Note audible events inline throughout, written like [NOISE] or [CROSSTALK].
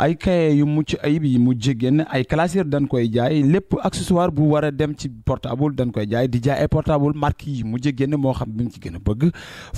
ay cahier yu mucc ayib yi mujj génn ay classeur dañ koy jaay lépp accessoire bu war dem ci portable dañ koy jaay di jaay ay portable marque yi mujj génn moo xam bi mu ci gën bëgg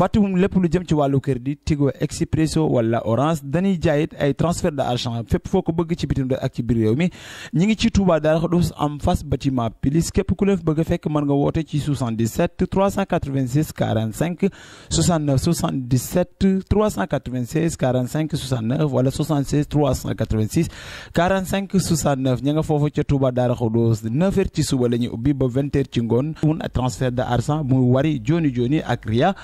fàttali lépp lu jëm ci wàllu crédit Tigo Expresso wala Orange dañuy jaayit ay transfert d'argent fépp foo ko bëgg ci bitim ak ci biir réew mi ñi ngi ci Touba Darou Khoudoss am face bâtiment pilis képp ku la bëgg a fekk mën nga woote ci 77 386 45 69 77 396 45 69 wala 76 386 45 69 ña nga foofu ca Touba Daara Khoudous 9h ci suba la ñuy ubbi ba 20h ci ngoon. mun transfert de argent muy wari joni joni ak Ria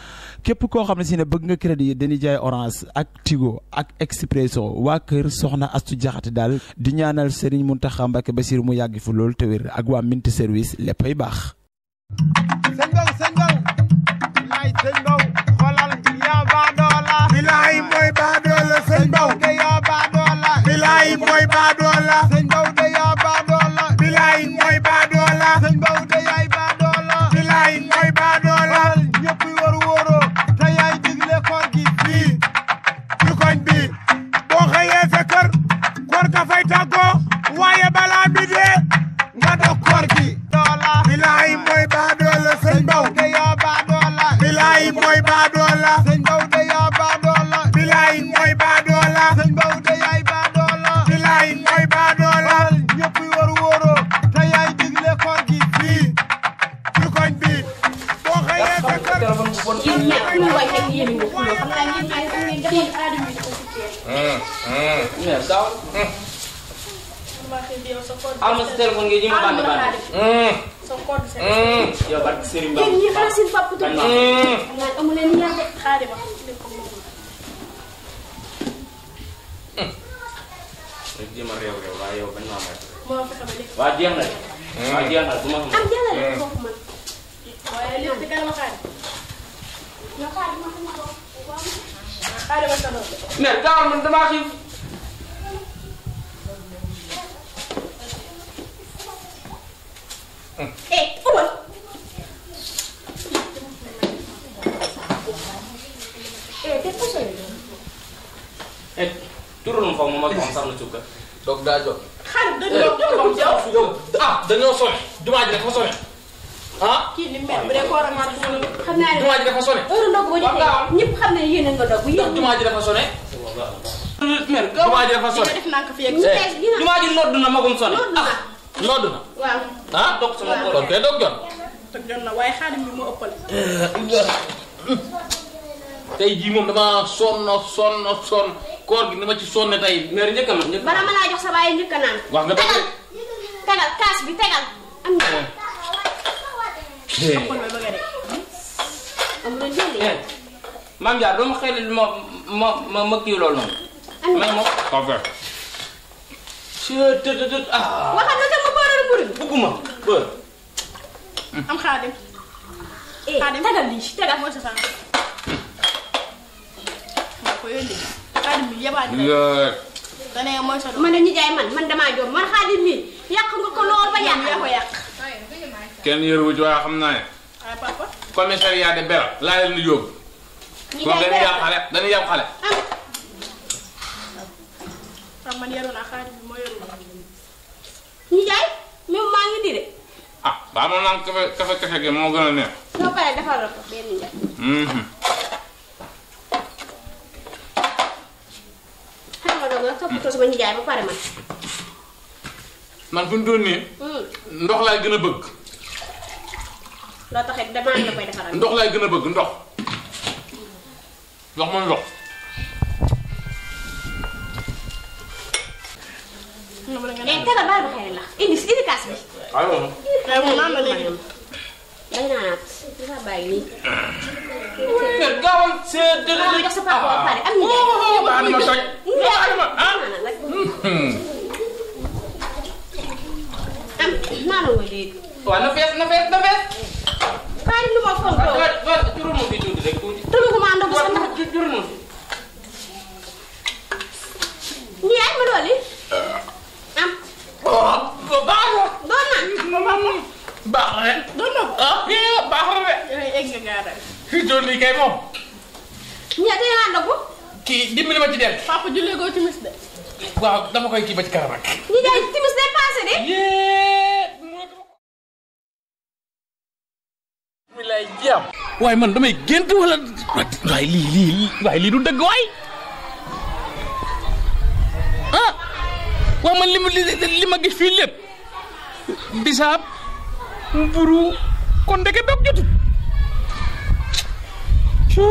képp koo xam ne si ne bëgg nga crédit dañuy jaay Orange ak Tigo ak Expresso waa kër Soxna Astu Jaxate daal di ñaanal Serigne Mountakha Mbacké Bassirou mu yàgg fi lool te wér ak waa Mint service léppay baax. sëñ Ndao sëñ Ndao bilaay mooy mooy baadoola. sëñ Daouda yaay baadoola. bilaay yaay digle koor gi. fii ci koñ bi boo xëyee sa kër koor ka waaye mais gaaw. am na sa téléphone nga ji ma bànn bànn. yow ba Serigne Ba. yéen ñi xanaa seen papa tudd. naan amu leen ñaar de xaari ba. rek jéem a réew réew waaye yow bañ maa may. waa jeex na de. Hmm. waa jeex na de bu ma. am jeex na de foofu man. waaye lépp di kanam xaari. nga xaari ma xam ko. xaari ma sa doom. mais gaaw man damaa xiif. ma ko am sax na cukka donc daa jot. Ah, jumaa ji dafa sonné. Ah? kii ni mel bu dee koo ramaat xam naa ne jumaa ji dafa sonné. heure ndogu ba jotee ñëpp xam a nga dog. jumaa ji dafa sonné. jumaa ji dafa sonné. Eh, jumaa ji nodd na magum sonné. ah nodd na. waaw jii moom dama sonn sonn sonn. koor gi ni ma ci sonne tey mère njëkk a ma njëkk laa jox sa baay a naan. wax nga tegal kaas bi tegal am na. Eh. Eh. Eh. maam Diar doo ma xëy ma ma ma kii loolu noonu. am na moom. Ah. waxal na te ma booral mburu bi. bëgguma bër. am xaadim. xaadim tegal lii tegal mooy sa xaadim bi yebaat mooy sa man ñu jaay man man damaa joom man xaadim bi yàq nga ko lool ba yàq yaa yàq kenn yëru ci waaye xam naa ne commissariat de Bel di yóbbu moom dañuy yàq xale ñu jaay même maa ngi di de ah baa moom naan kafe kafe kafe gi moo gën a neex soo paree defaral ko benn njaay toog sama nijaay ba pare man. man fu nii. Hmm. ndox laay gën a bëgg. loo tax it ndox laay gën a bëgg ndox. ndox man ndox. nga la eh Talla bàyyi ba xëy la indi indi kaas bi. aywa aywa na léegi. dañu naan dafa bàyyi nii. kër gaawal. c' ba am na. Oh, oh, oh, waaw na fees na fees na fees. xaaral lu ma foog doon waaw turu ma fi tuuti rek tuuti. turu ko ma ànd ak sa ndax ay ma dooli. am. waaw ba baax la. doon na. ma ma baax na. doon na. ah eh, baax na de. Eh, egg nga gaara. fi doon nii kay moom. li ma ci del papa julleegoo timis de. waaw dama koy kii ba ci kanam ak. timis de passé de. waaye man damay gént wala. waaye lii lii lii waaye lii du dëgg waay. ah. waaw man li ma li gis fii lépp. bisaab. mburu kon ndeke dog jotul. Ah.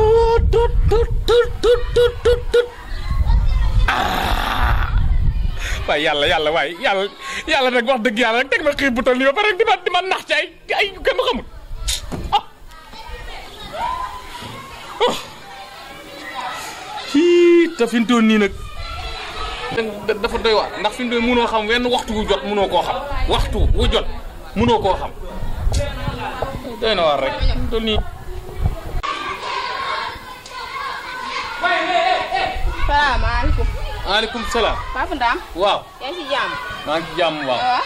waaye yàlla yàlla waaye yàlla yàlla nag wax dëgg yàlla nag teg ma xiif bu toll nii ba pare di ma di ma ay ay yu kenn xamul ah. oh. nag dafa doy waar ndax fi mu mënoo xam wenn waxtu wu jot mënoo koo xam waxtu wu jot mënoo koo xam doy na waar rek fi nii salaamaaleykum. maaleykum salaam. Papa Ndam. waaw. yaa ngi ci jàmm. maa ngi ci jàmm waaw. waaw ah,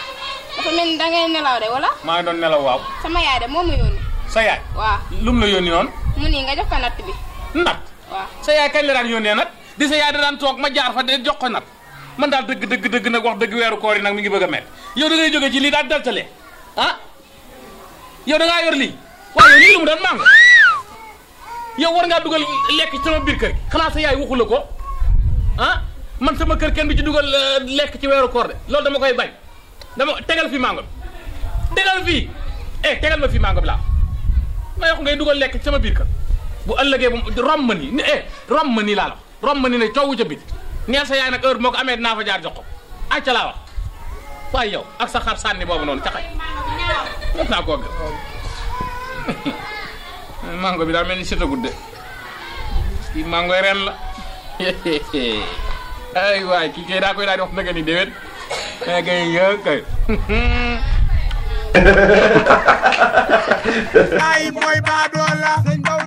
dafa mel ni nelaw de wala. maa ngi doon nelaw waaw. sama yaay de moo ma yónni. sa yaay. waaw lu mu la yónni noonu. mu nii nga jox ko natt bi. natt. sa yaay kañ la daan yónnee nag di sa yaay daan toog ma jaar fa de jox ko natt man daal dëgg dëgg dëgg nag wax dëgg weeru koor yi nag mi ngi bëgg a métti yow da ngay jógee ci lii daal daltale ah yow da ngaa yor lii waaye lii lu mu daan màng yow war ngaa lekk ci sama biir kër gi la ko Ah, man sama kër kenn bi ci dugal euh, lekk ci weeru koor de loolu dama koy bañ dama tegal fii bi tegal fii eh tegal ma fii mango bi laa ma wax ngay dugal lekk ci sama biir kër bu ëllëgee bu rom ma nii eh rom ma nii laa la rom ma nii ne coowu ca biti neel sa yaay nag heure moo ko amee dinaa fa jaar jox ko acca laa wax waaye yow ak sa xar sànni boobu noonu caxay mën naa koo gën [LAUGHS] mango bi daal mel ni sëtagudde kii mango ren la ay waay kii kay daa koy daal di wax naka ni déwén daa koy yëg kay. ay mooy baadoo la.